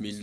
Merci.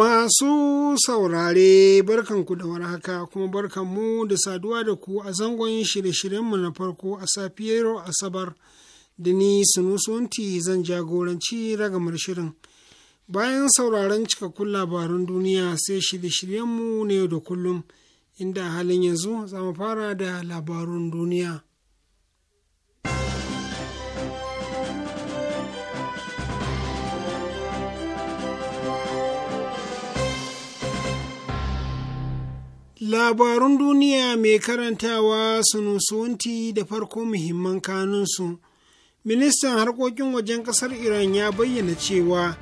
Masu saurare barkanku da warhaka kuma barkanmu da saduwa da ku a zangon shirye-shiryenmu na farko a safiyar Asabar da ni Sunusunti zan jagoranci ragamar shirin. Bayan sauraron cikakkun labarun duniya sai shirye-shiryenmu ne da kullum inda halin yanzu za mu fara da labarun duniya. Labarun duniya mai karantawa sunusunti da farko muhimman kanunsu. Ministan harkokin wajen ƙasar Iran ya bayyana cewa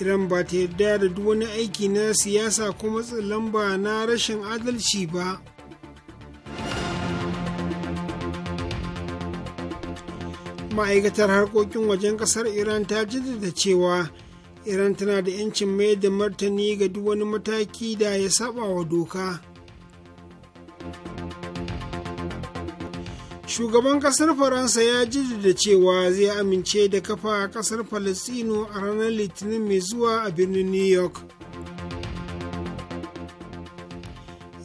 Iran ba ta yarda da duk wani aiki na siyasa kuma matsin lamba na rashin adalci ba. Ma'aikatar harkokin wajen ƙasar Iran ta jaddada cewa Iran tana da 'yancin mai da martani ga duk wani mataki da ya saba wa doka. shugaban kasar faransa ya jaddada cewa zai amince da kafa kasar palestino a ranar litinin mai zuwa a birnin new york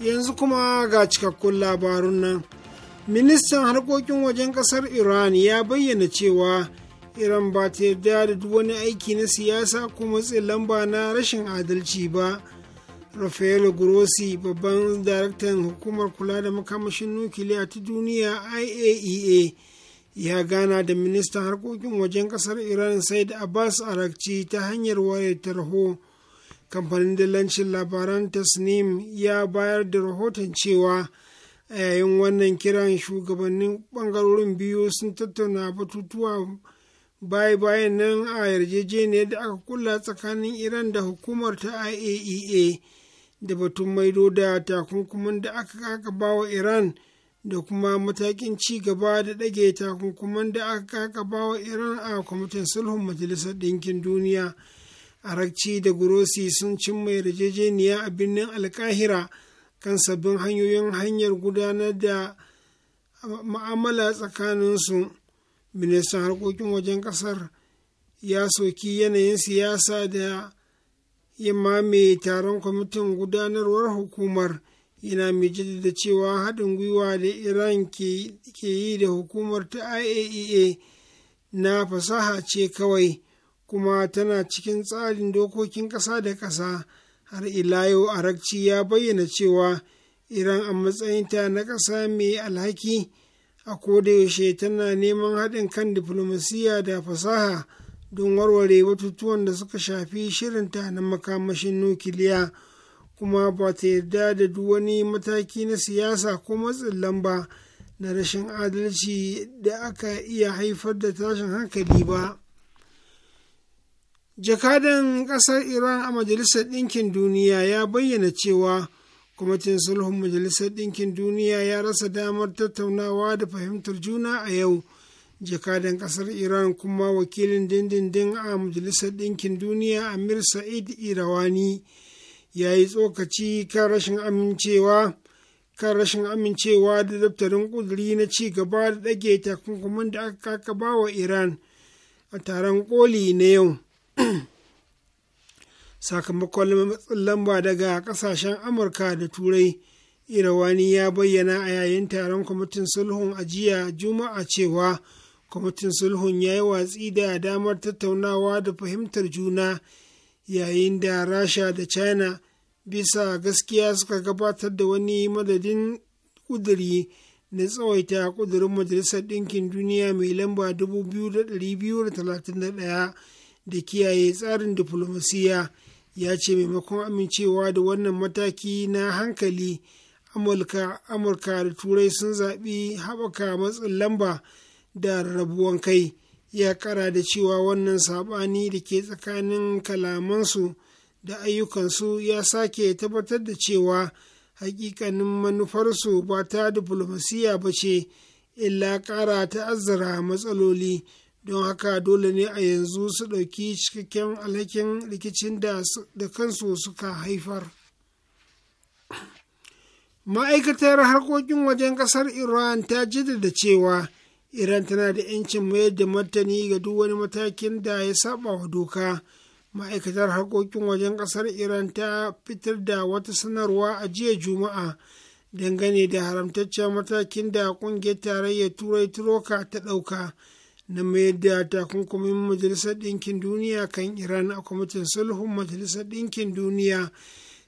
yanzu kuma ga cikakkun labarun nan ministan harkokin wajen kasar iran ya bayyana cewa iran ba ta yarda da duk wani aiki na siyasa ko matsin lamba na rashin adalci ba Rafael Grossi babban daraktan hukumar kula da makamashin nukiliya ta duniya IAEA e ya gana da ministan harkokin wajen kasar Iran Said Abbas Arakci ta hanyar wayar tarho. Kamfanin dalancin labaran Tasnim ya bayar da rahoton cewa a yayin wannan kiran shugabannin bangarorin biyu sun tattauna batutuwa baya-bayan nan a yarjejeniyar da aka kula tsakanin Iran da hukumar ta IAEA. E da batun maido da takunkumin da aka kaka bawa iran da kuma matakin ci gaba da ɗage takunkuman da aka kaka bawa iran a kwamitin sulhun majalisar ɗinkin duniya arakci da gurosi sun cimma yarjejeniya a birnin alkahira kan sabbin hanyoyin hanyar gudanar da ma'amala tsakaninsu ministan harkokin wajen kasar ya soki yanayin siyasa da ya mai taron kwamitin gudanarwar hukumar yana mai jaddada cewa haɗin gwiwa da iran ke yi da hukumar ta iaea e na fasaha ce kawai kuma tana cikin tsarin dokokin ƙasa da ƙasa har ila yau arakci ya bayyana cewa iran a matsayinta na ƙasa mai alhaki a kodayaushe tana neman haɗin kan diflomasiyya da fasaha don warware batutuwan da suka shafi shirinta na makamashin nukiliya kuma ba ta yarda da duk wani mataki na siyasa ko matsin lamba na rashin adalci da aka iya haifar da tashin hankali ba jakadan ƙasar iran a majalisar ɗinkin duniya ya bayyana cewa kwamitin sulhun majalisar ɗinkin duniya ya rasa damar tattaunawa da fahimtar juna a yau jakadan kasar iran kuma wakilin dindindin a majalisar ɗinkin duniya amir sa'id irawani ya yi tsokaci kan rashin amincewa kan rashin amincewa da daftarin ƙuduri na ci gaba da ɗage takunkumin da aka ba wa iran a taron koli na yau sakamakon matsin lamba daga ƙasashen amurka da turai irawani ya bayyana a yayin taron kwamitin sulhun ajiya juma'a cewa kwamitin sulhun ya yi watsi da damar tattaunawa da fahimtar juna yayin da rasha da china bisa gaskiya suka gabatar da wani madadin kuduri na tsawaita kudurin majalisar ɗinkin duniya mai lamba 2231 da kiyaye tsarin diflomasiya ya ce maimakon amincewa da wannan mataki na hankali amurka da turai sun zaɓi haɓaka matsin lamba da rabuwan kai ya kara da cewa wannan saɓani da ke tsakanin kalamansu da ayyukansu ya sake tabbatar da cewa hakikanin manufarsu ba ta diflomasiya ba ce illa ƙara ta'azzara matsaloli don haka dole ne a yanzu su ɗauki cikakken alhakin rikicin da kansu suka haifar ma'aikatar harkokin wajen ƙasar iran ta jaddada cewa iran tana da 'yancin mayar da martani ga duk wani matakin da ya saba wa doka ma'aikatar harkokin wajen ƙasar iran ta fitar da wata sanarwa a jiya juma'a dangane da haramtaccen matakin da ƙungiyar tarayyar turai turoka ta ɗauka na mayar da takunkumin majalisar ɗinkin duniya kan iran a kwamitin sulhun majalisar ɗinkin duniya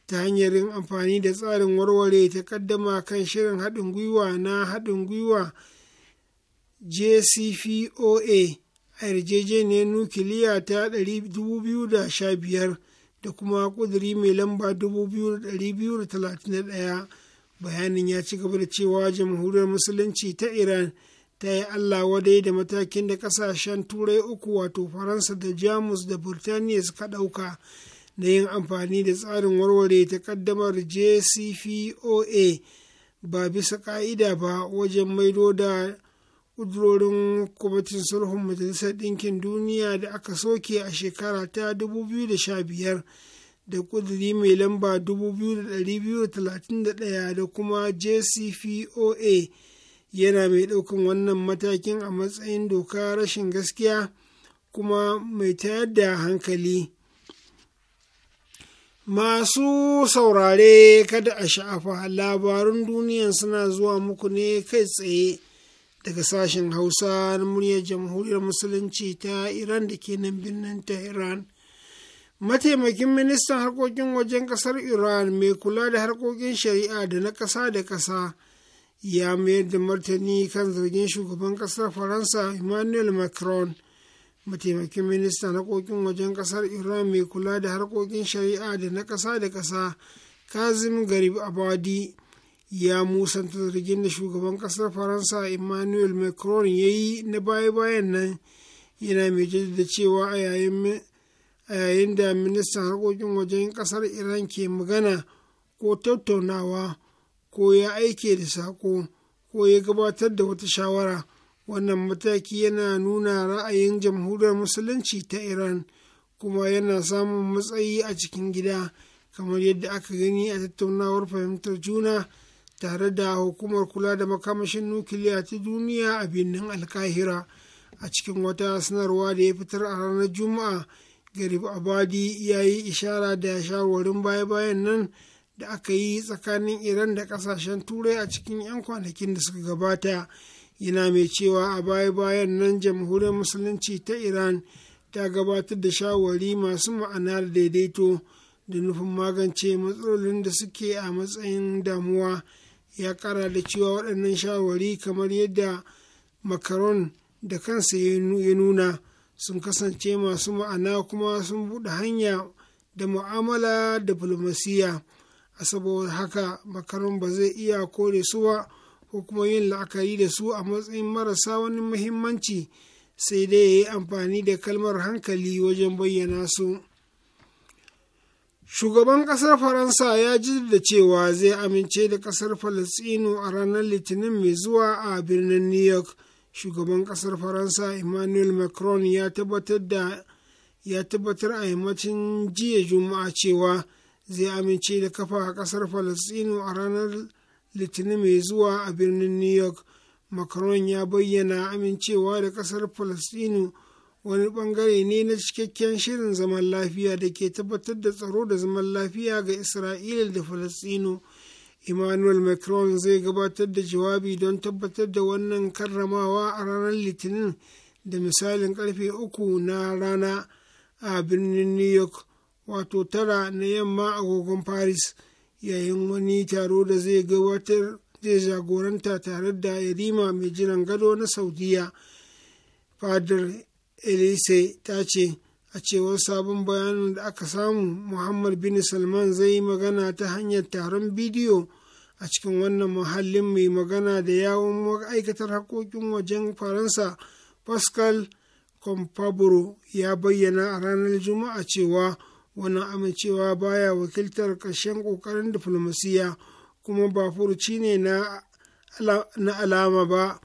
ta hanyar yin amfani da tsarin warware ta kaddama kan shirin haɗin gwiwa na haɗin gwiwa jcpoa a yarjejeniyar nukiliya ta 2015 da kuma kuduri mai lamba 2231 bayanin ya ci gaba da cewa jamhuriyar musulunci ta iran ta yi allah wadai da matakin da kasashen turai uku wato faransa da jamus da burtaniya suka ɗauka na yin amfani da tsarin warware ta ƙaddamar jcpoa ba bisa ƙa'ida ba wajen maido da kudurorin kwamitin sulhun majalisar ɗinkin duniya da aka soke a shekara ta 2015 da kuduri mai lamba 2231 da kuma jcpoa yana mai ɗaukan wannan matakin a matsayin doka rashin gaskiya kuma mai tayar da hankali masu saurare kada a sha'afa labarun duniya suna zuwa muku ne kai tsaye daga sashen hausa na muryar jamhuriyar musulunci ta iran da ke nan birnin tehran mataimakin ministan harkokin wajen kasar iran mai kula da harkokin shari'a da na kasa da kasa ya mayar da martani kan zargin shugaban kasar faransa emmanuel macron mataimakin ministan harkokin wajen kasar iran mai kula da harkokin shari'a da na kasa da kasa kazim garib abadi ya musanta zargin da shugaban kasar faransa emmanuel macron ya yi na baya-bayan nan yana mai jaddada cewa a yayin da ministan harkokin wajen kasar iran ke magana ko tattaunawa ko ya aike da sako ko ya gabatar da wata shawara wannan mataki yana nuna ra'ayin jamhuriyar musulunci ta iran kuma yana samun matsayi a cikin gida kamar yadda aka gani a tattaunawar fahimtar juna tare da hukumar kula da makamashin nukiliya ta duniya a birnin alkahira a cikin wata sanarwa da ya fitar a ranar juma'a garib abadi ya yi ishara da shawarwarin baya-bayan nan da aka yi tsakanin iran da kasashen turai a cikin 'yan kwanakin da suka gabata yana mai cewa a baya-bayan nan jamhuriyar musulunci ta iran ta gabatar da shawari masu ma'ana da daidaito da nufin magance matsalolin da suke a matsayin damuwa ya kara da cewa waɗannan shawari kamar yadda makaron da kansa ya nuna sun kasance masu ma'ana kuma sun buɗe hanya da mu'amala diflomasiyya a saboda haka makaron ba zai iya kore su ba ko kuma yin la'akari da su a matsayin marasa wani muhimmanci sai dai ya yi amfani da kalmar hankali wajen bayyana su. shugaban ƙasar faransa ya da cewa zai amince da ƙasar Falasino a ranar litinin mai zuwa a birnin new york shugaban ƙasar faransa emmanuel macron ya tabbatar da ya tabbatar a yammacin jiya juma'a cewa zai amince da kafa a ƙasar Falasino a ranar litinin mai zuwa a birnin new york macron ya bayyana amincewa da ƙasar falastinu wani bangare ne na cikakken shirin zaman lafiya da ke tabbatar da tsaro da zaman lafiya ga isra'ila da falastino emmanuel macron zai gabatar da jawabi don tabbatar da wannan karramawa a ranar litinin da misalin karfe uku na rana a birnin new york wato tara na yamma agogon paris yayin wani taro da zai gabatar zai jagoranta tare da yarima mai jiran gado na saudiya fadar elise ta ce a cewar sabon bayanin da aka samu muhammad bin salman zai yi magana ta hanyar taron bidiyo a cikin wannan muhallin mai magana da yawon ma'aikatar haƙoƙin wajen faransa pascal compabro ya bayyana a ranar juma'a cewa wannan amincewa baya wakiltar ƙarshen ƙoƙarin diflomasiya kuma ba furuci ne na alama ba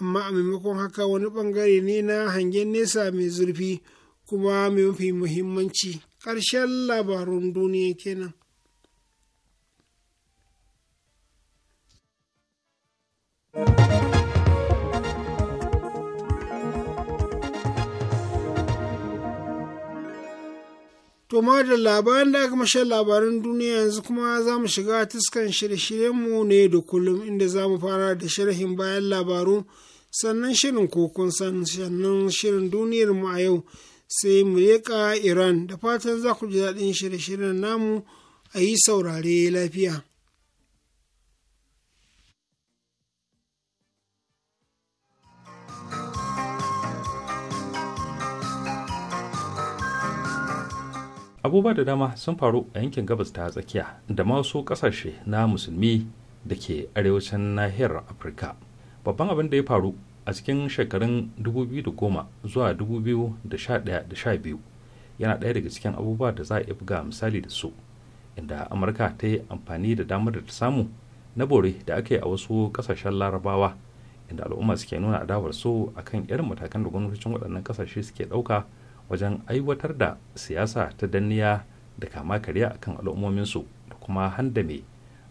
amma a maimakon haka wani ɓangare ne na hangen nesa mai zurfi kuma mai mafi muhimmanci ƙarshen labarun duniya kenan. thank you To da labarin da aka shan labaran duniya yanzu kuma za mu shiga tuskan shirye-shiryenmu ne da kullum inda za mu fara da sharhin bayan labaru sannan shirin kokon sannan shirin duniyar mu a yau sai mu leƙa Iran da fatan za ku ji daɗin shirye-shiryen namu a yi saurare lafiya. abubuwa da dama sun faru a yankin gabas ta tsakiya da masu kasashe na musulmi da ke arewacin nahiyar afirka babban abin da ya faru a cikin shekarun 2010 zuwa 2011-12 yana ɗaya daga cikin abubuwa da za a buga misali da su inda amurka ta yi amfani da damar da ta samu na bore da aka yi a wasu kasashen larabawa inda al'umma suke nuna adawar su akan irin matakan da gwamnatocin waɗannan kasashe suke ɗauka wajen aiwatar da siyasa ta danniya da kama karya akan al'ummominsu da kuma handame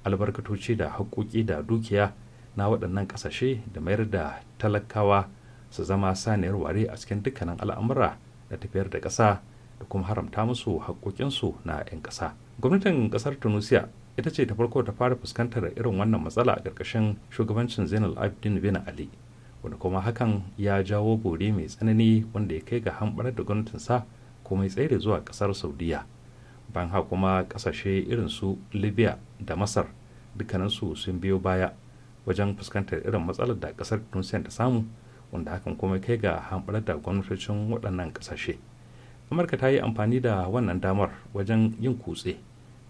albarkatoci da haƙoƙi da dukiya na waɗannan ƙasashe da mayar da talakawa su zama saniyar ware a cikin dukkanin al'amura da tafiyar da ƙasa da kuma haramta musu haƙoƙinsu na 'yan ƙasa gwamnatin ƙasar tunisia ita ce ta farko ta fara fuskantar irin wannan matsala a ƙarƙashin shugabancin zainal abidin bin ali wanda kuma hakan ya jawo gore mai tsanani wanda ya kai ga hambar da gwamnatinsa kuma ya tsere zuwa ƙasar saudiya ban ha kuma ƙasashe irin su libya da masar dukkaninsu sun biyo baya wajen fuskantar irin matsalar da kasar tunisiya ta samu wanda hakan kuma kai ga hambar da gwamnatocin waɗannan ƙasashe amurka ta yi amfani da wannan damar wajen yin kutse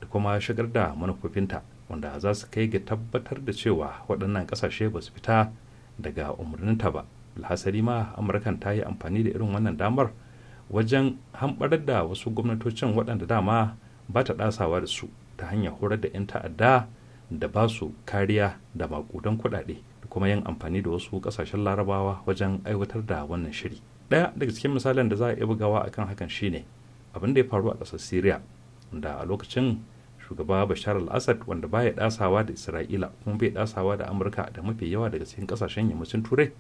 da kuma shigar da manufofinta wanda za su kai ga tabbatar da cewa waɗannan ƙasashe ba su fita daga umarninta ba alhasari ma amurkan ta yi amfani da irin wannan damar wajen hamɓarar da wasu gwamnatocin waɗanda dama ba ta ɗasawa da su ta hanyar horar da 'yan ta'adda da ba su kariya da makudan kuɗaɗe da kuma yin amfani da wasu ƙasashen larabawa wajen aiwatar da wannan shiri ɗaya daga cikin misalin da za a iya bugawa akan hakan shine abin da ya faru a ƙasar syria da a lokacin shugaba bashar al-assad wanda baya dasawa da isra'ila kuma bai dasawa da amurka da mafi yawa daga cikin kasashen yammacin turai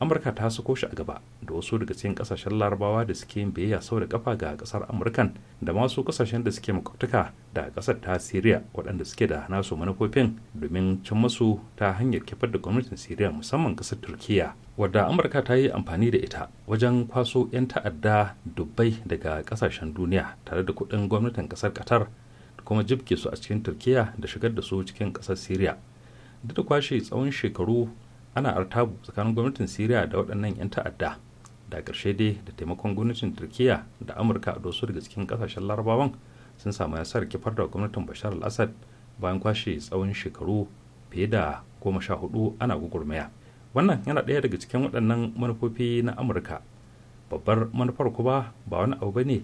amurka ta sako shi a gaba da wasu daga cikin kasashen larabawa da suke yin biyayya sau da kafa ga kasar amurkan da masu kasashen da suke makwabtaka da kasar ta syria waɗanda suke da nasu manufofin domin cin masu ta hanyar kifar da gwamnatin syria musamman kasar turkiya wadda amurka ta yi amfani da ita wajen kwaso 'yan ta'adda dubbai daga kasashen duniya tare da kuɗin gwamnatin kasar qatar da kuma jibke su a cikin turkiya da shigar da su cikin kasar syria duk da kwashe tsawon shekaru ana artabu tsakanin gwamnatin syria da waɗannan 'yan ta'adda da ƙarshe dai da taimakon gwamnatin turkiya da amurka a dosu daga cikin ƙasashen larabawan sun samu nasarar kifar da gwamnatin bashar al-assad bayan kwashe tsawon shekaru fiye da goma sha hudu ana gugurmaya wannan yana ɗaya daga cikin waɗannan manufofi na amurka babbar manufar kuma ba wani abu ba ne.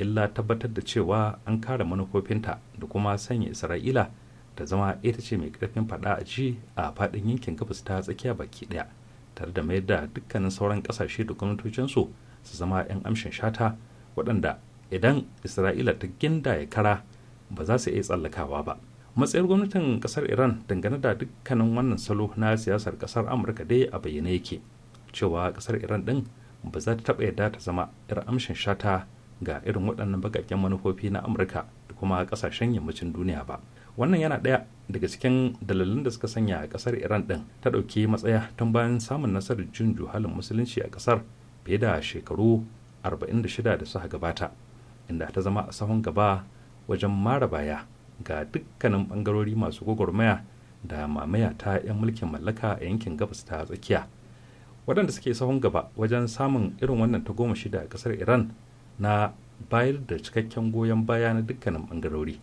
illa tabbatar da cewa an kare manufofinta da kuma sanya isra'ila ta zama ita ce mai karfin fada a ji a fadin yankin gabas ta tsakiya baki daya tare da mayar da dukkanin sauran kasashe da gwamnatocinsu su zama 'yan amshin shata waɗanda idan isra'ila ta ginda ya kara ba za su iya tsallakawa ba matsayin gwamnatin kasar iran dangane da dukkanin wannan salo na siyasar kasar amurka dai a bayyane yake cewa kasar iran din ba za ta taɓa yarda ta zama 'yar amshin shata ga irin waɗannan bakakken manufofi na amurka da kuma ƙasashen yammacin duniya ba wannan yana ɗaya daga cikin dalilin da suka sanya a ƙasar iran ɗin ta ɗauki matsaya tun bayan samun nasarar jin juhalin musulunci a ƙasar fiye da shekaru 46 da suka gabata inda ta zama a sahun gaba wajen mara baya ga dukkanin ɓangarori masu gwagwarmaya da mamaya ta 'yan mulkin mallaka a yankin gabas ta tsakiya waɗanda suke sahun gaba wajen samun irin wannan ta goma shida a ƙasar iran na bayar da cikakken goyon baya na dukkanin bangarori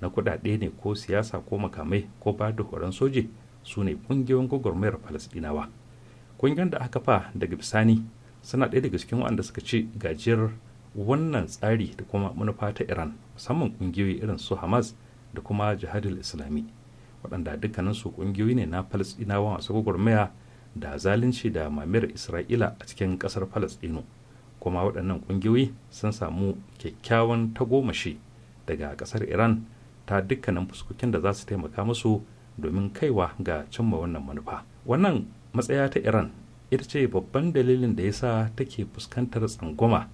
na kudade ne ko siyasa ko makamai ko ba da horon soji su ne kungiyoyin gwagwarmayar falasdinawa kungiyar da aka fa daga bisani suna ɗaya daga cikin waɗanda suka ci gajiyar wannan tsari da kuma manufa ta iran musamman kungiyoyi irin su hamas da kuma jihadul islami waɗanda su kungiyoyi ne na falasdinawa masu gwagwarmaya da zalunci da mamayar isra'ila a cikin ƙasar falasdino kuma waɗannan ƙungiyoyi sun samu kyakkyawan tagomashi daga ƙasar iran ta dukkanin fuskokin da za su taimaka musu domin kaiwa ga cimma wannan manufa wannan matsaya ta iran ita ce babban dalilin da ya sa take fuskantar tsangwama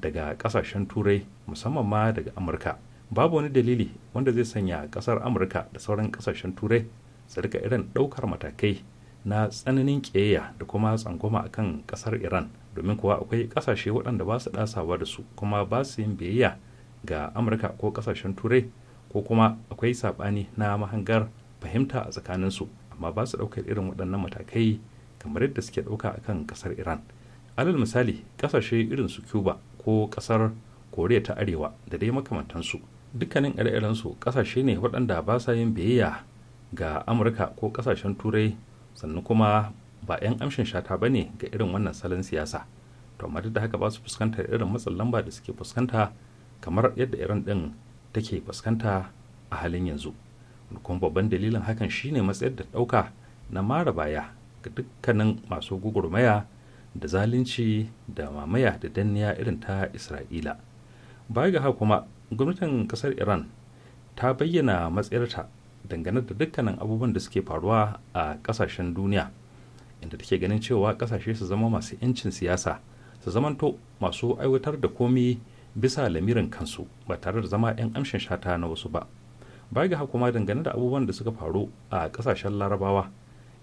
daga ƙasashen turai musamman ma daga amurka babu wani dalili wanda zai sanya ƙasar amurka da sauran ƙasashen turai su rika irin ɗaukar matakai na tsananin ƙiyayya da kuma tsangwama akan ƙasar iran domin kuwa akwai kasashe waɗanda ba su ɗasawa da su kuma ba su yin biyayya ga amurka ko kasashen turai ko kuma akwai saɓani na mahangar fahimta a tsakaninsu amma ba su ɗaukar irin waɗannan matakai kamar yadda suke ɗauka a kan ƙasar iran alal misali ƙasashe irin su cuba ko ƙasar koriya ta arewa da dai makamantansu dukkanin ire-irensu ƙasashe ne waɗanda ba sa yin biyayya ga amurka ko ƙasashen turai sannan kuma ba 'yan amshin shata ba ne ga irin wannan salon siyasa to amma da haka ba su fuskantar irin matsin lamba da suke fuskanta kamar yadda iran din take fuskanta a halin yanzu kuma babban dalilin hakan shine matsayar da ɗauka na mara baya ga dukkanin masu gugurmaya da zalunci da mamaya da danniya irin ta isra'ila baya ga haka kuma gwamnatin kasar iran ta bayyana matsayarta dangane da dukkanin abubuwan da suke faruwa a kasashen duniya inda take ganin cewa kasashe su zama masu 'yancin siyasa su zamanto masu aiwatar da komi bisa lamirin kansu ba tare da zama 'yan amshin shata na wasu ba baya ga hakuma dangane da abubuwan da suka faru a kasashen larabawa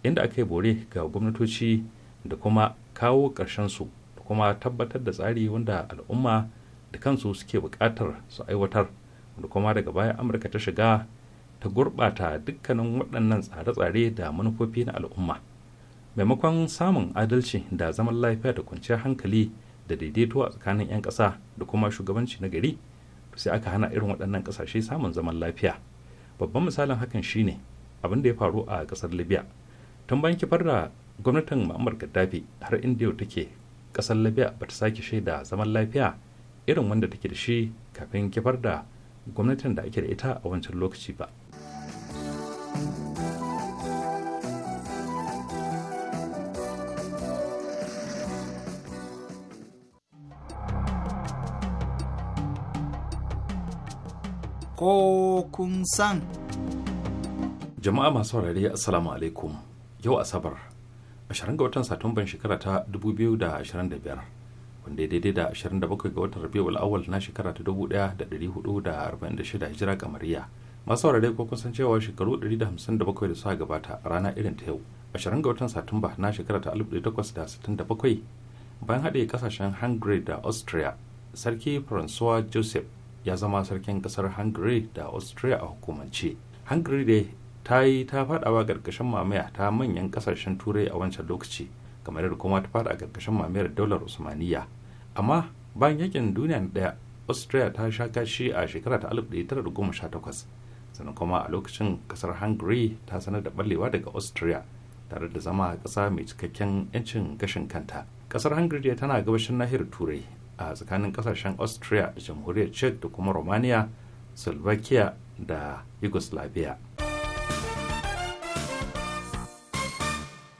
inda aka yi bore ga gwamnatoci da kuma kawo su da kuma tabbatar da tsari wanda al'umma da kansu suke buƙatar su aiwatar da kuma daga baya amurka ta shiga ta gurɓata dukkanin waɗannan tsare-tsare da manufofi na al'umma maimakon samun adalci da zaman lafiya da kwanciyar hankali da daidaito a tsakanin 'yan ƙasa da kuma shugabanci na gari sai aka hana irin waɗannan ƙasashe samun zaman lafiya babban misalin hakan shine abin da ya faru a ƙasar libya tun bayan kifar da gwamnatin ma'amar gaddafi har inda yau take ƙasar libya ba ta sake shaida zaman lafiya irin wanda take da shi kafin kifar da gwamnatin da ake da ita a wancan lokaci ba ko kun san. Jama'a masu saurare Assalamu alaikum yau Asabar 20 ga watan Satumban shekara ta 2025 wanda ya daidai da 27 ga watan Rabiul awal na shekara ta 1446 Hijira kamariya. Masu warare ko kun san cewa shekaru 157 da suka gabata a rana irin ta yau 20 ga watan Satumba na shekara ta 1867 bayan haɗe kasashen Hungary da Austria sarki Francois Joseph ya zama sarkin kasar hungary da austria a hukumance hungary dai ta yi ta fadawa gargashin mamaya ta manyan kasashen turai a wancan lokaci kamar da kuma ta fada gargashin mamayar daular usmaniya amma bayan yakin duniya na daya austria ta sha kashi a shekara ta 1918 sannan kuma a lokacin kasar hungary ta sanar da ballewa daga austria tare da zama kasa mai cikakken 'yancin gashin kanta kasar hungary tana gabashin nahiyar turai a tsakanin kasashen austria da jamhuriyar czech da kuma romania slovakia da yugoslavia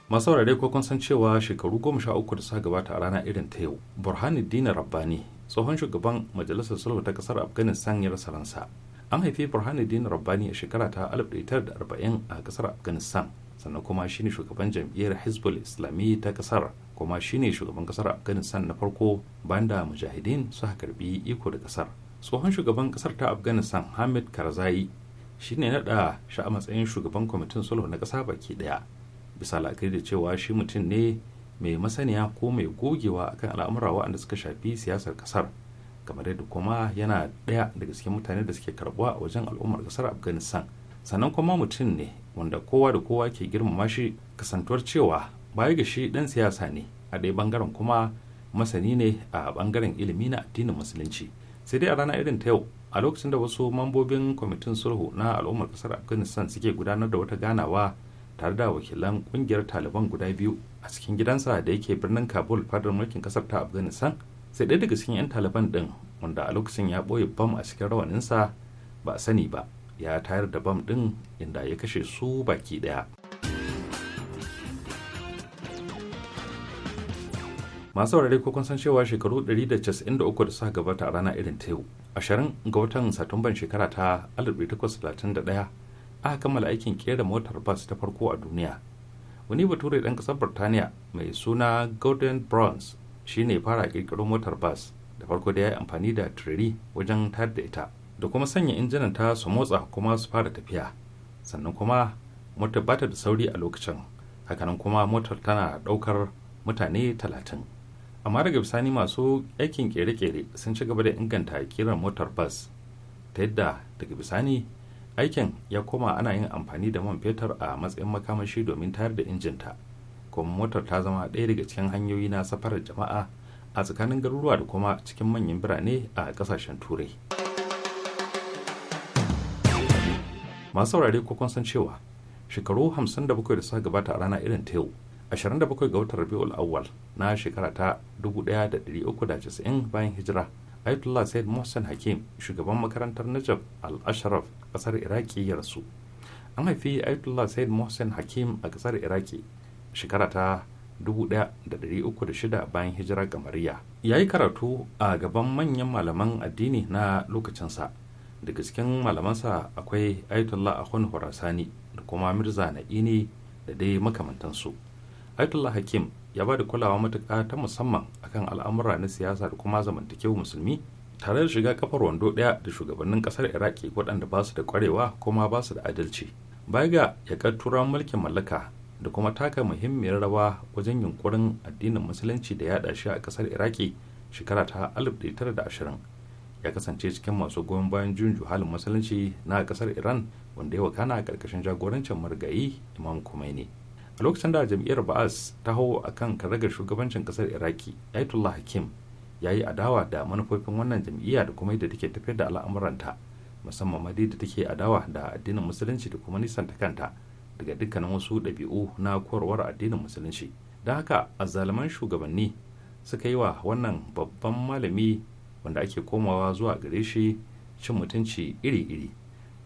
masu saurare ko kun san cewa shekaru goma sha uku da suka gabata a rana irin ta yau burhanuddin rabbani tsohon shugaban majalisar sulhu ta kasar afghanistan ya rasa ransa an haifi burhanuddin rabbani a shekara ta 1940 a kasar afghanistan sannan kuma shi ne shugaban jam'iyyar hezbollah islami ta kasar kuma shi ne shugaban kasar afghanistan na farko banda da mujahideen suka karbi iko da kasar tsohon shugaban kasar ta afghanistan hamid karzai ne naɗa shi a matsayin shugaban kwamitin sulhu na kasa baki ɗaya bisa la'akari da cewa shi mutum ne mai masaniya ko mai gogewa akan al'amura waɗanda suka shafi siyasar kasar kamar yadda kuma yana ɗaya daga cikin mutane da suke karbuwa a wajen al'ummar kasar afghanistan sannan kuma mutum ne wanda kowa da kowa ke girmama shi kasantuwar cewa baya ga shi dan siyasa ne a ɗaya bangaren kuma masani ne a bangaren ilimi na addinin musulunci sai dai a rana irin ta yau a lokacin da wasu mambobin kwamitin sulhu na al'ummar kasar afghanistan suke gudanar da wata ganawa tare da wakilan kungiyar taliban guda biyu a cikin gidansa da yake birnin kabul fadar mulkin kasar ta afghanistan sai ɗaya daga cikin 'yan taliban ɗin wanda a lokacin ya ɓoye bam a cikin rawaninsa ba a sani ba ya tayar da bam ɗin inda ya kashe su baki ɗaya masu saurare ko kun san cewa shekaru 193 da suka gabata a rana irin ta yau 20 ga watan satumban shekara ta 1831 aka kammala aikin kera motar bas ta farko a duniya wani bature ɗan ƙasar birtaniya mai suna golden bronze shine fara ƙirƙiro motar bas da farko da ya yi amfani da turiri wajen tar da ita da kuma sanya injinan ta su motsa kuma su fara tafiya sannan kuma motar bata da sauri a lokacin hakanan kuma motar tana daukar mutane talatin amma daga bisani masu aikin kere-kere sun ci gaba da inganta kiran motar bas ta yadda daga bisani aikin ya koma ana yin amfani da man fetur a matsayin makamashi domin tayar da injinta kuma motar ta zama ɗaya daga cikin hanyoyi na safarar jama'a a tsakanin garuruwa da kuma cikin manyan birane a ƙasashen turai. masu saurari ko kun san cewa shekaru 57 da suka gabata a rana irin ta yau 27 ga watan rabiul awwal na shekara ta 1390 bayan hijira ayatollah said mohsen hakim shugaban makarantar najaf al-ashraf kasar iraki ya rasu an haifi ayatollah said mohsen hakim a kasar iraki shekara ta 1306 bayan hijira kamariya ya yi karatu a gaban manyan malaman addini na lokacinsa daga cikin malamansa akwai ayatollah akhwan horasani da kuma mirza na'ini da dai makamantansu ayatollah hakim ya ba da kulawa matuƙa ta musamman akan al'amura na siyasa da kuma zamantakewa musulmi tare da shiga kafar wando ɗaya da shugabannin ƙasar iraki waɗanda ba su da ƙwarewa kuma ba su da adalci baya ga yakar turan mulkin mallaka da kuma taka muhimmiyar rawa wajen yunƙurin addinin musulunci da yaɗa shi a ƙasar iraki shekara ta 1920 ya kasance cikin masu goyon bayan juyin juhalin musulunci na kasar iran wanda ya wakana a karkashin jagorancin margayi imam khomeini a lokacin da jam'iyyar ba'as ta hau a kan karagar shugabancin kasar iraki ayatollah hakim ya yi adawa da manufofin wannan jam'iyya da kuma yadda take tafiyar da al'amuranta musamman madi da take adawa da addinin musulunci da kuma nisan ta kanta daga dukkanin wasu ɗabi'u na korowar addinin musulunci don haka a azzaluman shugabanni suka yi wa wannan babban malami wanda ake komawa zuwa gare shi cin mutunci iri-iri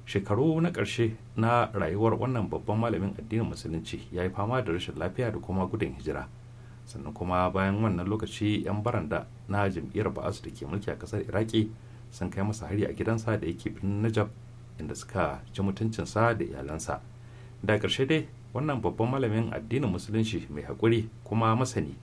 shekaru na ƙarshe na rayuwar wannan babban malamin addinin musulunci ya yi fama da rashin lafiya da kuma gudun hijira sannan kuma bayan wannan lokaci 'yan baranda na jam'iyyar ba'asu da ke mulki a ƙasar iraki sun kai masa hari a gidansa da yake birnin najab inda suka ci mutuncinsa da iyalansa da ƙarshe dai wannan babban malamin addinin musulunci mai haƙuri kuma masani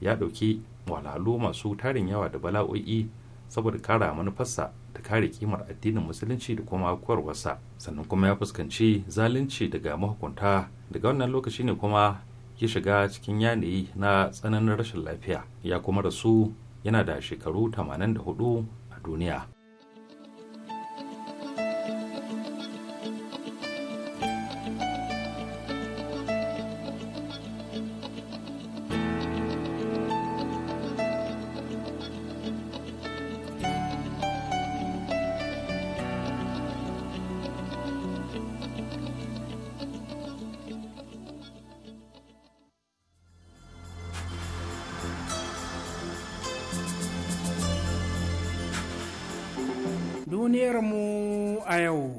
ya ɗauki walalu masu tarin yawa da bala'o'i saboda kara manufarsa ta kare kimar addinin musulunci da kuma koyarwarsa sannan kuma ya fuskanci zalunci daga mahukunta daga wannan lokaci ne kuma ya shiga cikin yanayi na tsananin rashin lafiya ya kuma rasu yana da shekaru 84 a duniya duniyarmu a yau.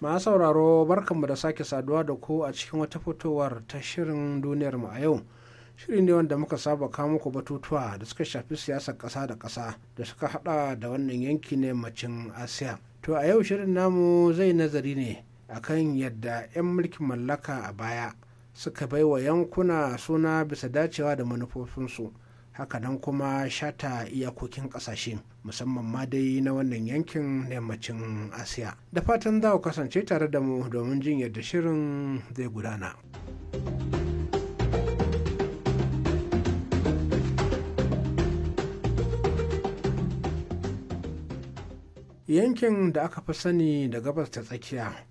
Ma sauraro barkanmu da sake saduwa da ku a cikin wata fitowar ta shirin duniyarmu a yau. Shirin ne wanda muka saba kawo muku batutuwa da suka shafi siyasar ƙasa da ƙasa da suka hada da wannan yanki ne macin Asiya. To a yau shirin namu zai nazari ne akan yadda 'yan mulkin mallaka a baya suka bai wa yankuna suna bisa dacewa da manufofinsu. hakanan kuma shata iyakokin kasashe musamman ma dai na wannan yankin na yammacin asiya da fatan za ku kasance tare da mu domin jin yadda shirin zai gudana yankin da aka fi sani da gabas ta tsakiya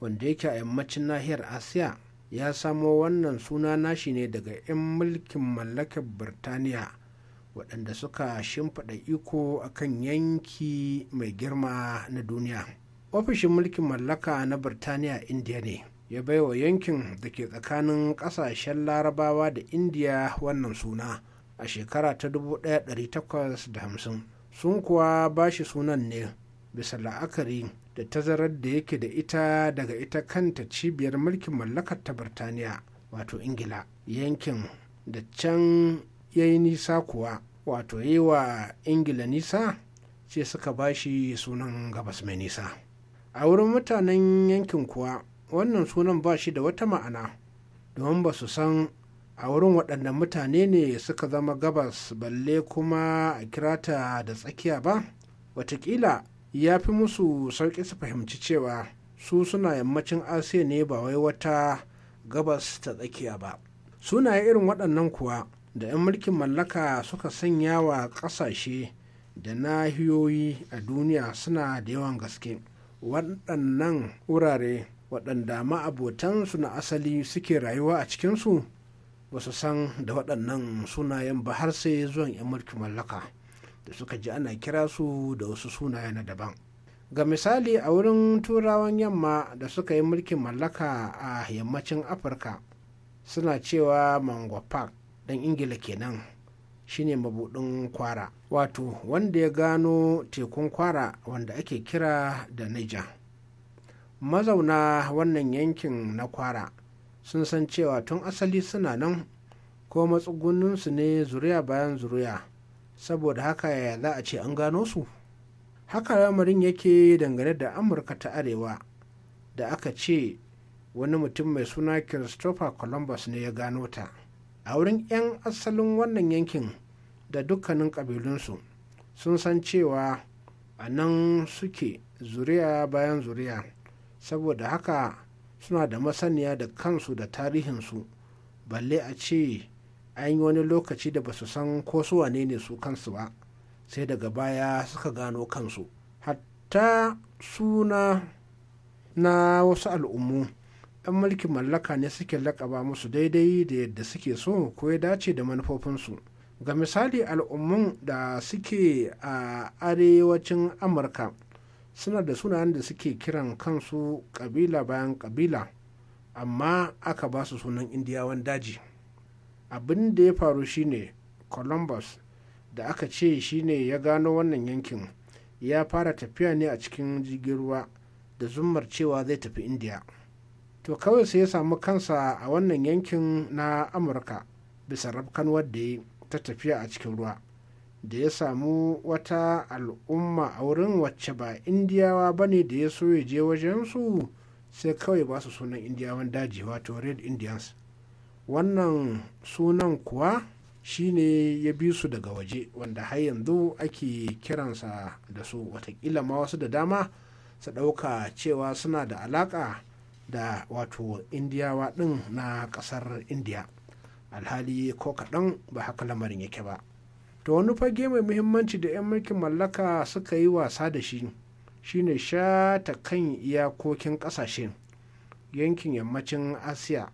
wanda yake a yammacin nahiyar asiya ya samo wannan suna nashi ne daga 'yan mulkin mallakar birtaniya waɗanda suka shimfiɗa iko a kan yanki mai girma na duniya ofishin mulkin mallaka na birtaniya indiya ne ya baiwa yankin da ke tsakanin ƙasashen larabawa da indiya wannan suna a shekara ta 1850 sun kuwa ba shi sunan ne bisa la'akari da tazarar da yake da ita daga ita kanta cibiyar mulkin mallakar ta birtaniya wato ingila yankin da can ya yi nisa kuwa wato yi wa ingila nisa ce suka ba shi sunan gabas mai nisa a wurin mutanen yankin kuwa wannan sunan ba shi da wata ma'ana domin ba su san a wurin waɗannan mutane ne suka zama gabas balle kuma a kirata da tsakiya ba watakila ya fi musu sauƙi su fahimci cewa su suna yammacin asiya ne ba wai wata gabas ta tsakiya ba sunaye irin waɗannan kuwa da 'yan mulkin mallaka suka sanya wa ƙasashe da nahiyoyi a duniya suna da yawan gaske waɗannan wurare waɗanda ma'abotansu na asali suke rayuwa a cikinsu ba su san da waɗannan sunayen ba har sai zuwan 'yan mulkin mallaka da suka ji ana kira su da wasu sunaye na daban ga misali a wurin turawan yamma da suka yi mulkin mallaka a yammacin afirka suna cewa mango park dan ingila kenan shine mabudin kwara wato wanda ya gano tekun kwara wanda ake kira da nija mazauna wannan yankin na kwara sun san cewa tun asali suna nan ko matsugunninsu ne zuriya bayan zuriya saboda haka ya za a ce an gano su haka lamarin yake dangane da amurka ta arewa da aka ce wani mutum mai suna christopher columbus ne ya gano ta a wurin 'yan asalin wannan yankin da dukkanin ƙabilunsu sun san cewa a nan suke zuriya bayan zuriya saboda haka suna da masaniya da kansu da tarihinsu balle a ce an yi wani lokaci da ba su san ko su wane ne su kansu ba sai daga baya suka gano kansu hatta suna na wasu al'ummu 'yan mulkin mallaka ne suke laƙaba musu daidai da yadda suke so ko ya dace da manufofinsu ga misali al'ummun da suke a arewacin amurka suna da sunayen da suke kiran kansu ƙabila bayan ƙabila amma aka ba su sunan indiyawan daji abin da ya faru shine columbus da aka ce shine ya gano wannan yankin ya fara tafiya ne a cikin jirgin ruwa da zumar cewa zai tafi indiya to kawai sai ya samu kansa a wannan yankin na amurka bisa rafkan wadda ya ta tafiya a cikin ruwa da ya samu wata al'umma a wurin wacce ba indiyawa ba ne da ya so ya je wajen su sai kawai ba su sunan indiyawan daji wato red indians wannan sunan kuwa shine ya bi su daga waje wanda har yanzu ake kiransa da su watakila ma wasu da dama su ɗauka cewa suna da alaƙa da wato indiyawa din na kasar indiya alhali ko kaɗan ba haka lamarin yake ba to wani fage mai muhimmanci da 'yan mulkin mallaka suka yi wasa da shi shine shata kan iyakokin ƙasashen yankin yammacin asiya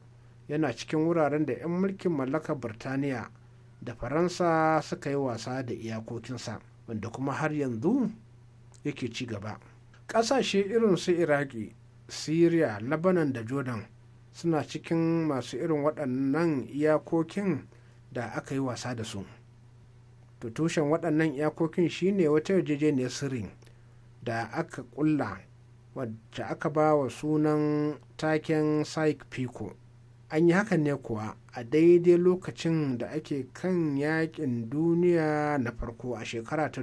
yana cikin wuraren da 'yan mulkin mallaka birtaniya da faransa suka yi wasa da iyakokinsa wanda kuma har yanzu yake ci gaba ƙasashe irin su iraki syria lebanon da jordan suna cikin masu irin waɗannan iyakokin da aka yi wasa da su to tushen waɗannan iyakokin shine wata yarjejeniyar sirri da aka ƙulla wacce aka ba wa sunan taken saik pico an yi hakan ne kuwa a daidai lokacin da ake kan yakin duniya na farko a shekara ta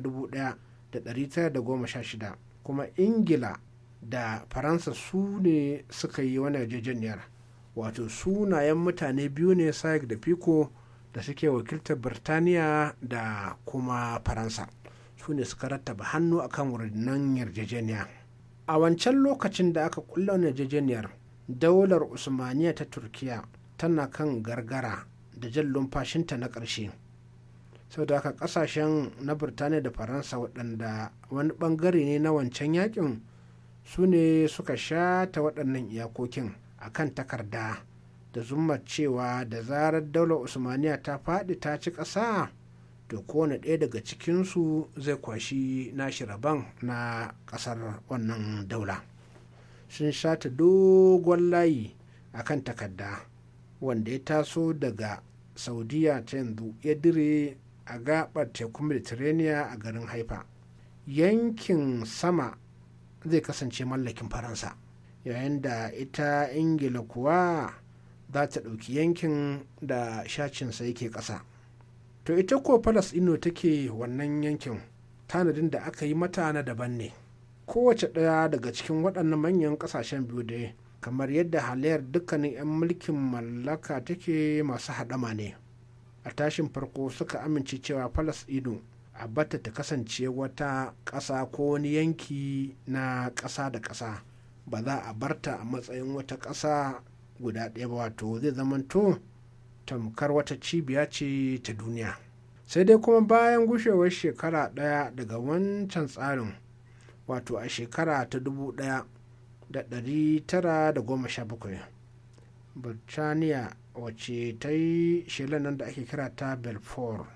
1916 kuma ingila da faransa su ne suka yi wani yarjejeniyar wato sunayen mutane biyu ne sayek da fiko da suke wakiltar birtaniya da kuma faransa su ne suka rattaba hannu a akan wurinan yarjejeniya a wancan lokacin da aka kulla yarjejeniyar daular usmaniya ta turkiya tana kan gargara da jan lumfashinta na ƙarshe sau da aka ƙasashen na birtaniya da faransa waɗanda wani ɓangare ne na wancan yakin su ne suka sha ta waɗannan iyakokin a kan takarda da zummar cewa da zarar daular usmaniya ta faɗi ta ci ƙasa to kowane ɗaya daga cikinsu zai kwashi nashi rabon na ƙasar wannan daula sun sha ta dogon layi a kan takarda wanda ya taso daga saudiya ta yanzu ya dire a gaɓar tekun mediterranean a garin haifa yankin sama zai kasance mallakin faransa yayin da ita ingila kuwa za ta ɗauki yankin da shacinsa yake ƙasa to ita ko falasɗino take wannan yankin tanadin da aka yi mata na daban ne kowace ɗaya daga cikin waɗannan manyan ƙasashen biyu dai kamar yadda halayyar dukkanin 'yan mulkin mallaka take masu haɗama ne a tashin farko suka amince cewa falasɗino a bata ta kasance wata ƙasa ko wani yanki na ƙasa da ƙasa ba za a barta a matsayin wata ƙasa guda ɗaya ba wato zai zamanto tamkar wata cibiya ce ta duniya sai dai kuma bayan gushewar shekara ɗaya daga wancan tsarin wato a shekara ta dubu ɗaya da ɗari tara da goma sha bakwai birtaniya wacce ta yi shelan nan da ake kira ta belfort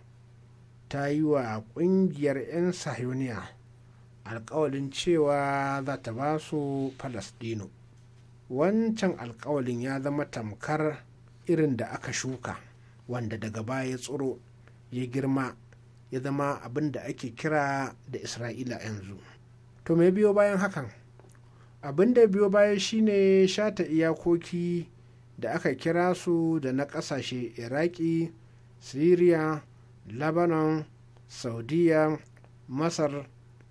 ta yi wa kungiyar 'yan sahiyoniya alkawalin cewa za ta ba su palestino wancan alkawalin ya zama tamkar irin da aka shuka wanda daga baya ya tsoro ya girma ya zama abin da ake kira da isra'ila yanzu to me biyo bayan hakan abin da biyo baya shine shata iyakoki da aka kira su da na kasashe iraki syria lebanon saudiya masar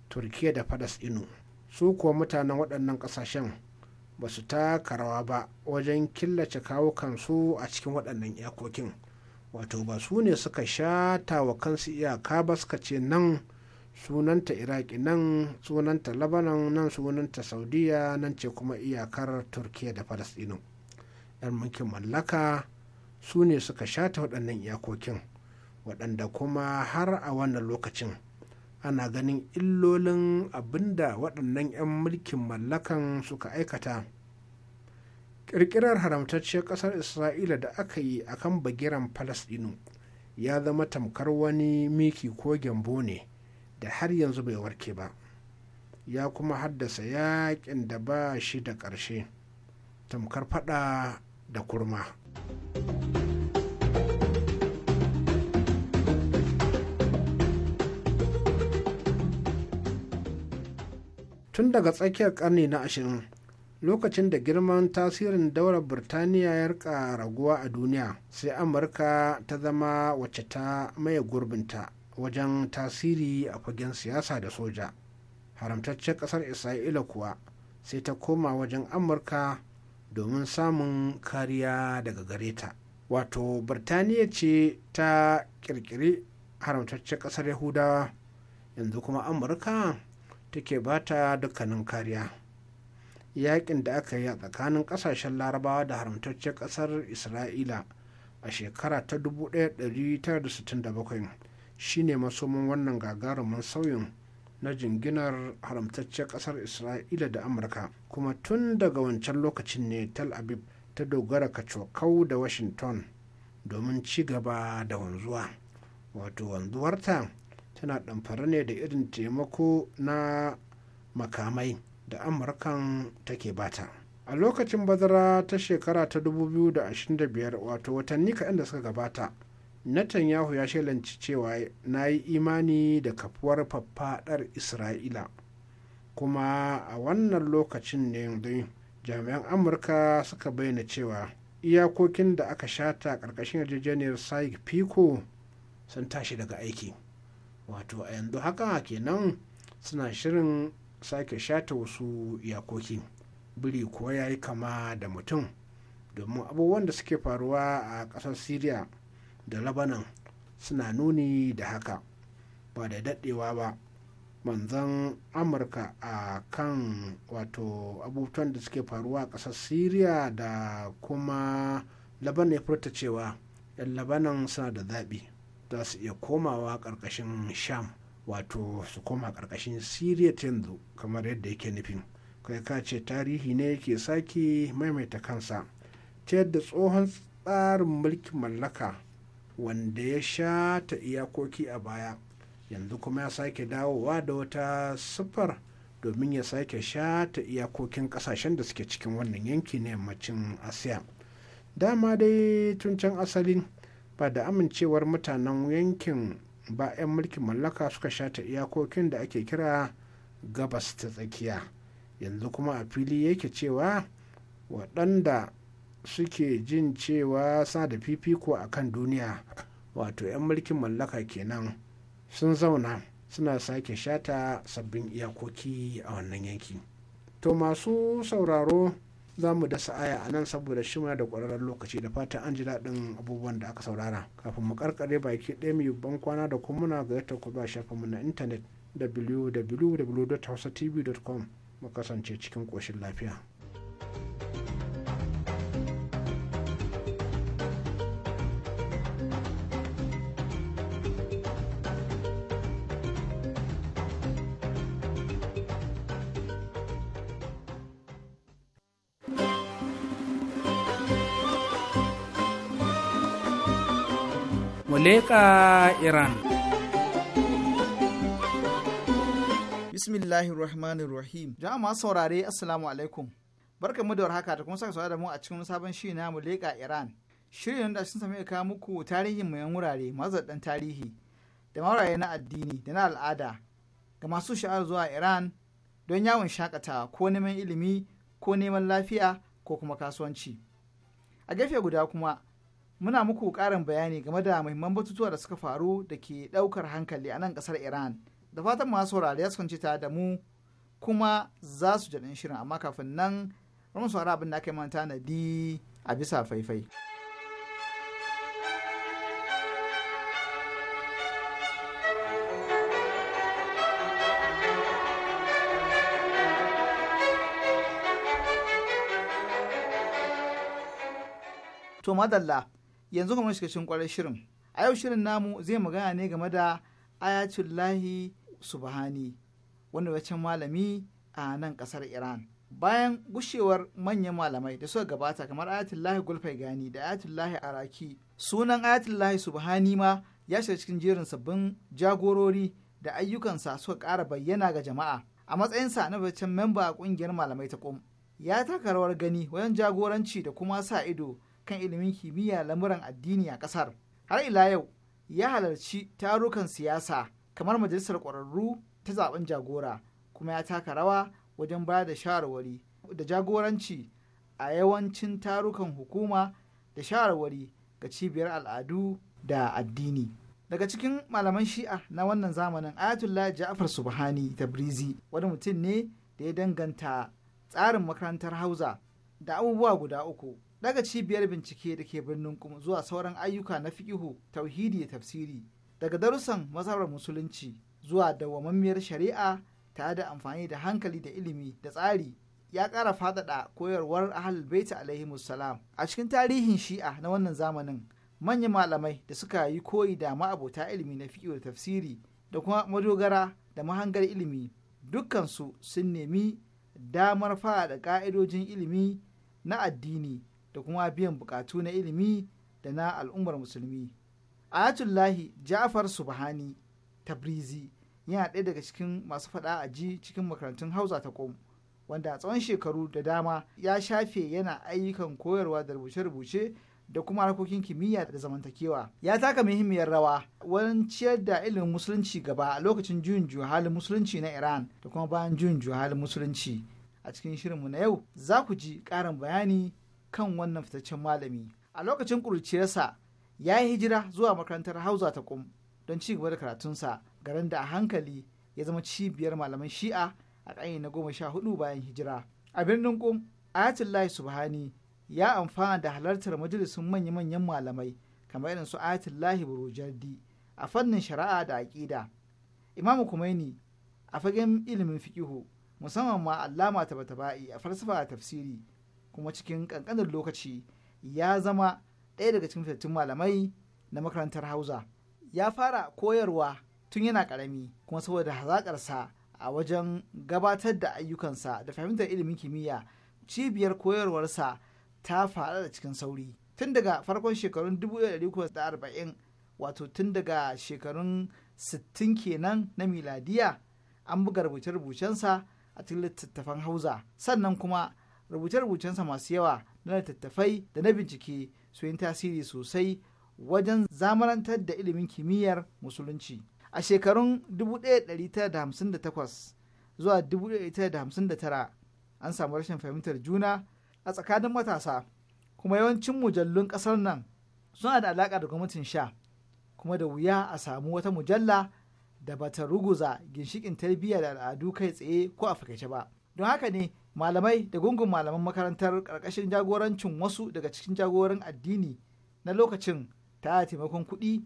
turkiya da Inu su kuwa mutanen waɗannan ƙasashen ba su taka rawa ba wajen killace kawo kansu a cikin waɗannan iyakokin wato ba su ne suka shata wa kansu iyaka ba suka ce nan sunanta iraki nan sunanta labanan nan sunanta saudiya nan ce kuma iyakar turkiya da falasɗinu 'yan mulkin mallaka su ne suka shata waɗannan iyakokin waɗanda kuma har a wannan lokacin ana ganin illolin abinda waɗannan 'yan mulkin mallakan suka aikata ƙirƙirar haramtacciyar ƙasar isra'ila da aka yi a kan bagiran falasɗinu ya zama tamkar wani miki ko gyambo ne da har yanzu bai warke ba ya kuma haddasa yaƙin da ba shi da ƙarshe tamkar fada da kurma. tun daga tsakiyar karni na ashirin lokacin da girman tasirin daura birtaniya ya rika raguwa a duniya sai amurka ta zama wacce ta maye gurbinta wajen tasiri a fagen siyasa da soja haramtaccen kasar isra'ila kuwa sai ta koma wajen amurka domin samun kariya daga gareta, wato birtaniya ce ta kirkiri haramtaccen kasar yahudawa yanzu kuma amurka take ba ta dukkanin kariya yakin da aka yi a tsakanin kasashen larabawa da haramtaccen kasar isra'ila a shekara ta 1967 shine masomin wannan gagarumin sauyin na jinginar haramtaccen kasar isra'ila da amurka kuma tun daga wancan lokacin ne tel aviv ta dogara kacokau da washington domin ci gaba da wanzuwa wato wanzuwarta tana ɗamfara ne da irin taimako na makamai da amurkan take bata a lokacin bazara ta shekara ta 2025 wato watanni kaɗan da suka gabata netanyahu ya shelanci cewa na yi imani da kafuwar faffaɗar isra'ila kuma a wannan lokacin ne yanzu jami'an amurka suka bayyana cewa iyakokin da aka shata ƙarƙashin yarjejeniyar saik piko sun tashi daga aiki wato a yanzu haka kenan suna shirin sake shata wasu iyakoki biri kuwa ya yi kama da mutum domin abubuwan da suke faruwa a ƙasar syria da labanan suna nuni da haka ba da daɗewa ba manzan amurka a kan wato abubuwan da suke faruwa a ƙasar syria da kuma labanan ya furta cewa 'yan labanan suna da zaɓi za su iya komawa ƙarƙashin sham wato su koma ƙarƙashin siriya ta yanzu kamar yadda yake nufin kai ka ce tarihi ne yake sake maimaita kansa ta yadda tsohon tsarin mulkin mallaka wanda ya sha ta iyakoki a baya yanzu kuma ya sake dawowa da wata siffar domin ya sake sha ta iyakokin kasashen da suke cikin wannan yanki na yammacin asiya dama dai tun can asalin ba da amincewar mutanen yankin ba 'yan mulkin mallaka suka shata iyakokin da ake kira gabas ta tsakiya yanzu kuma a fili yake cewa waɗanda suke jin cewa sa da fifiko a kan duniya wato 'yan mulkin mallaka kenan sun zauna suna sake shata sabbin iyakoki a wannan yanki to masu sauraro za mu dasa aya a nan saboda shi da ƙwararren lokaci da fata an ji daɗin abubuwan da aka saurara kafin mu karkare baki ɗaya mai ban kwana da kuma muna ga yadda kuma shafin mu na intanet www.hausatv.com mu kasance cikin koshin lafiya. leka iran bismillahir rahmanir rahim jama'a saurare assalamu alaikum barka mu da warhaka da kuma saka saurare da mu a cikin sabon shi na muleka iran shirin da sun sami kawo muku tarihin mayan wurare masu tarihi da mauraye na addini da na al'ada ga masu sha'ar zuwa iran don yawon shakatawa ko neman ilimi ko neman lafiya ko kuma kasuwanci a gefe guda kuma muna muku ƙarin bayani game da muhimman batutuwa da suka faru da ke ɗaukar hankali a nan ƙasar Iran. Da fatan masu saurari sun ci da mu kuma za su jaɗin shirin amma kafin nan ramin saurari abin da aka yi manta na di a bisa faifai. To madalla yanzu kamar shiga cikin kwarar shirin a yau shirin namu zai magana ne game da ayatullahi subhani wanda wacce malami a nan kasar iran bayan gushewar manyan malamai da suka gabata kamar ayatullahi gulfai gani da ayatullahi araki sunan ayatullahi subhani ma ya shiga cikin jerin sabbin jagorori da ayyukansa suka ƙara bayyana ga jama'a a matsayinsa na wacce memba a ƙungiyar malamai ta ƙum ya taka rawar gani wajen jagoranci da kuma sa ido kan ilimin kimiyya lamuran addini a kasar. har ila yau ya halarci tarukan siyasa kamar majalisar ƙwararru ta zaben jagora kuma ya taka rawa wajen bayar da shawarwari da jagoranci a yawancin tarukan hukuma da shawarwari ga cibiyar al'adu da addini daga cikin malaman shi'a na wannan zamanin ayatullah ja'far subhani tabrizi wani mutum ne da ya danganta tsarin makarantar hausa da abubuwa guda uku daga cibiyar bincike da ke birnin kuma zuwa sauran ayyuka na fikihu tauhidi da tafsiri daga darussan masarar musulunci zuwa dawwamammiyar shari'a tare da amfani da hankali da ilimi da tsari ya ƙara faɗaɗa koyarwar ahlul baita alaihi salam a cikin tarihin shi'a na wannan zamanin manyan malamai da suka yi koyi da ma'abota ilimi na fiƙihu da tafsiri da kuma madogara da mahangar ilimi dukkansu sun nemi damar fara da ƙa'idojin ilimi na addini da kuma biyan bukatu na ilimi da na al'ummar musulmi ayatullahi ja'far subhani tabrizi yana ɗaya daga cikin masu faɗa a ji cikin makarantun hausa ta kom wanda a tsawon shekaru da dama ya shafe yana ayyukan koyarwa da rubuce-rubuce da kuma harkokin kimiyya da zamantakewa ya taka muhimmiyar rawa wurin ciyar da ilimin musulunci gaba a lokacin juyin halin musulunci na iran da kuma bayan juyin halin musulunci a cikin shirinmu na yau za ku ji ƙarin bayani kan wannan fitaccen malami a lokacin ƙuruciyarsa ya yi hijira zuwa makarantar Hauza ta kum don ci gaba da karatunsa garin da a hankali ya zama cibiyar malaman shi'a a ƙarni na goma sha hudu bayan hijira a birnin kum ayatullahi subhani ya amfana da halartar majalisun manya-manyan malamai kamar irin su ayatullahi burujardi a fannin shari'a da aƙida imamu kumaini a fagen ilimin fikihu musamman ma allama taba-taba'i a falsafa da tafsiri kuma cikin kankanin lokaci ya zama ɗaya daga cikin fitattun malamai na makarantar hausa ya fara koyarwa tun yana ƙarami kuma saboda hazaƙarsa a wajen gabatar da ayyukansa da fahimtar ilimin kimiyya cibiyar koyarwarsa ta faɗa da cikin sauri tun daga farkon shekarun 1940 wato tun daga shekarun 60 kenan na miladiya an buga rubuce-rubucensa a cikin littattafan hausa sannan kuma rubuce-rubucensa masu yawa na littattafai da na bincike su yi tasiri sosai wajen zamarantar da ilimin kimiyyar musulunci a shekarun 1958 zuwa 1959 an samu rashin fahimtar juna a tsakanin matasa kuma yawancin mujallun ƙasar nan suna da alaƙa da gwamnatin sha kuma da wuya a samu wata mujalla da bata ruguza ginshikin tarbiyya da al'adu kai tsaye ko a fakaice ba don haka ne malamai da gungun malaman makarantar ƙarƙashin jagorancin wasu daga cikin jagoran addini na lokacin ta taimakon kuɗi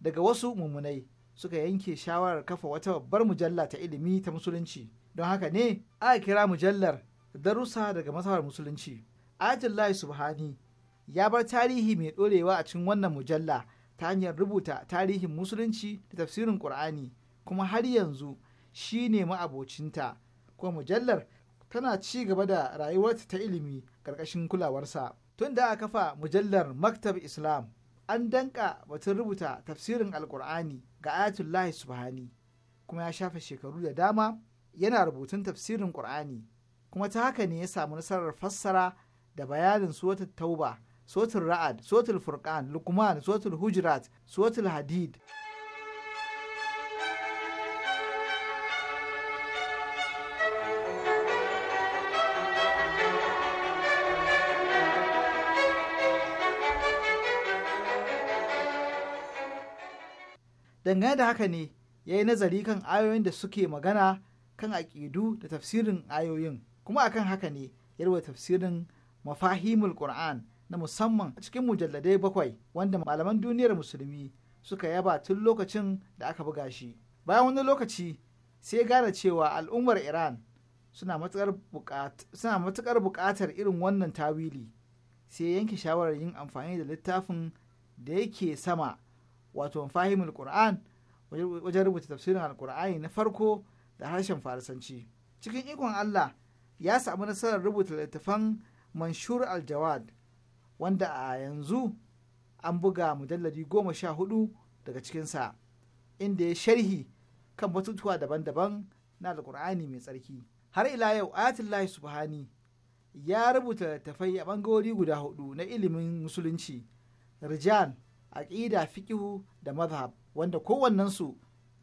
daga wasu mummunai suka yanke shawarar kafa wata babbar mujalla ta ilimi ta musulunci don haka ne aka kira mujallar darussa daga masawar musulunci ayatullahi subhani ya bar tarihi mai ɗorewa a cikin wannan mujalla ta hanyar rubuta tarihin musulunci da tafsirin Kur'ani, kuma har yanzu shi ne ma'abocinta kuma mujallar tana ci gaba da rayuwarta ta ilimi ƙarƙashin kulawarsa. Tun da aka kafa mujallar Maktab Islam, an danka batun rubuta tafsirin Alƙur'ani ga Ayatullahi Subhani, kuma ya shafe shekaru da dama yana rubutun tafsirin Ƙur'ani, kuma ta haka ne ya samu nasarar fassara da bayanin suwatar tauba, sotar ra'ad, sotar furqan, lukman, sotar hujrat sotar hadid. dangane da haka ne ya yi nazari kan ayoyin da suke magana kan aƙidu da tafsirin ayoyin kuma akan haka ne ya rubuta tafsirin mafahimul qur'an na musamman a cikin mujalladai bakwai wanda malaman duniyar musulmi suka yaba tun lokacin da aka buga shi bayan wani lokaci sai gane cewa al'ummar iran suna matukar buƙatar irin wannan tawili sai yanke shawarar yin amfani da littafin da yake sama wato fahimul qur'an wajen rubuta tafsirin alqur'ani na farko da harshen farisanci cikin ikon allah ya samu nasarar rubuta littafan manshur aljawad wanda a yanzu an buga mujalladi goma sha hudu daga cikinsa inda ya sharhi kan batutuwa daban-daban na alkur'ani mai tsarki har ila yau lahi subhani ya rubuta littattafai a bangarori guda hudu na ilimin musulunci rijal aƙida fiƙihu, da mazhab wanda kowannensu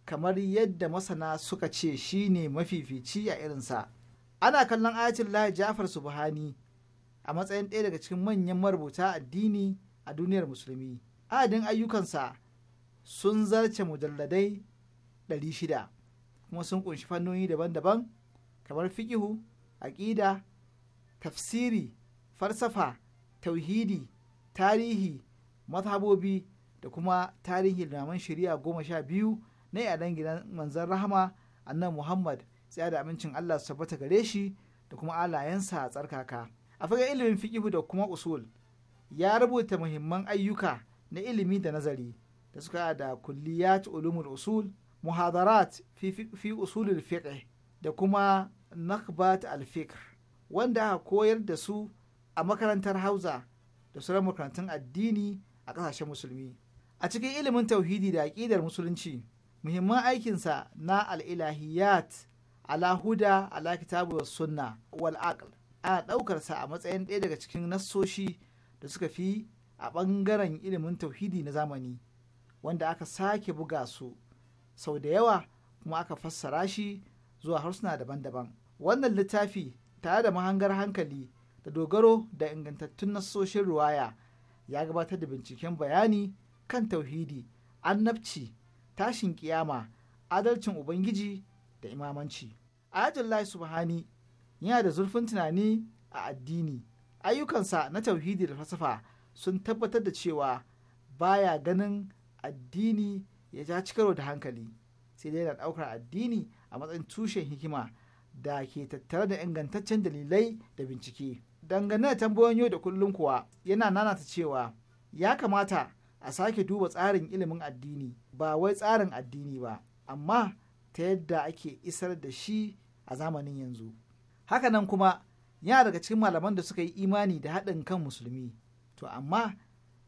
kamar yadda masana suka ce shine mafifici a irinsa ana kallon lahi jafar subhani a matsayin ɗaya daga cikin manyan marubuta addini a duniyar musulmi adadin ayyukansa sun zarce mujalladai 600 kuma sun kunshi fannoni daban-daban kamar fiƙihu aƙida tafsiri farsafa tauhidi tarihi mazhabobi da kuma tarihin limaman shari'a goma sha biyu na yadan gidan manzan rahama annan muhammad tsaya da amincin allah su tabbata gare shi da kuma alayensa a tsarkaka a fagen ilimin fikihu da kuma usul ya rubuta muhimman ayyuka na ilimi da nazari da suka da kulliyat ulumul usul muhadarat fi usulul fiqh da kuma nakbat al wanda aka koyar da su a makarantar Hausa da sauran makarantun addini a ƙasashen musulmi a cikin ilimin tauhidi da aƙidar musulunci muhimman aikinsa na al'ilahiyat ala huda ala kitabu wa sunna wal aql ana ɗaukarsa a matsayin ɗaya daga cikin nassoshi da suka fi a ɓangaren ilimin tauhidi na zamani wanda aka sake buga su sau da yawa kuma aka fassara shi zuwa harsuna daban-daban wannan littafi tare da mahangar hankali da dogaro da ingantattun nassoshin ruwaya ya gabatar da binciken bayani kan tauhidi annabci tashin kiyama adalcin ubangiji da imamanci ayatullahi subhani yana da zurfin tunani a addini ayyukansa na tauhidi da falsafa sun tabbatar da cewa baya ganin addini ya ja cikaro da hankali sai dai na ɗaukar addini a matsayin tushen hikima da ke tattare da ingantaccen dalilai da bincike dangane da tambayoyin yau da kullum kuwa yana nanata cewa ya kamata a sake duba tsarin ilimin addini ba wai tsarin addini ba amma ta yadda ake isar da shi a zamanin yanzu hakanan kuma yana daga cikin malaman da suka yi imani da haɗin kan musulmi to amma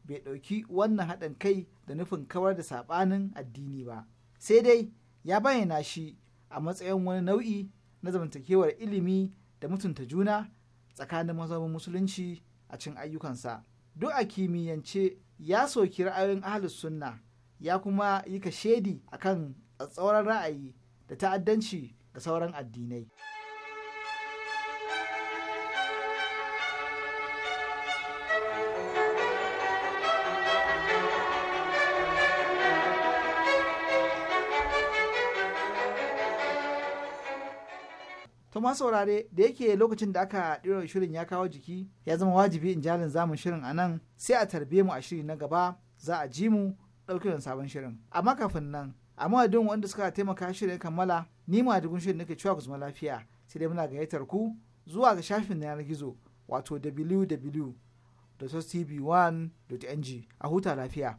bai ɗauki wannan haɗin kai da nufin kawar da saɓanin addini ba sai dai ya bayyana shi a matsayin wani nau'i na zamantakewar ilimi da mutunta juna tsakanin mazhabin musulunci a cin ayyukansa duk a kimiyyance ya soki ra'ayoyin ahlus sunna ya kuma yi ka kashedi akan tsatsauran ra'ayi da ta'addanci ga sauran addinai. ma saurare da yake lokacin da aka ɗiro shirin ya kawo jiki ya zama wajibi in jalin zamun shirin a nan sai a tarbe mu a shiri na gaba za a ji mu ɗauke da sabon shirin. Amma kafin nan a madadin wanda suka taimaka shirin kammala ni ma dugun shirin nake cewa ku zama lafiya sai dai muna gayyatar ku zuwa ga shafin na yanar gizo wato www.tv1.ng a huta lafiya.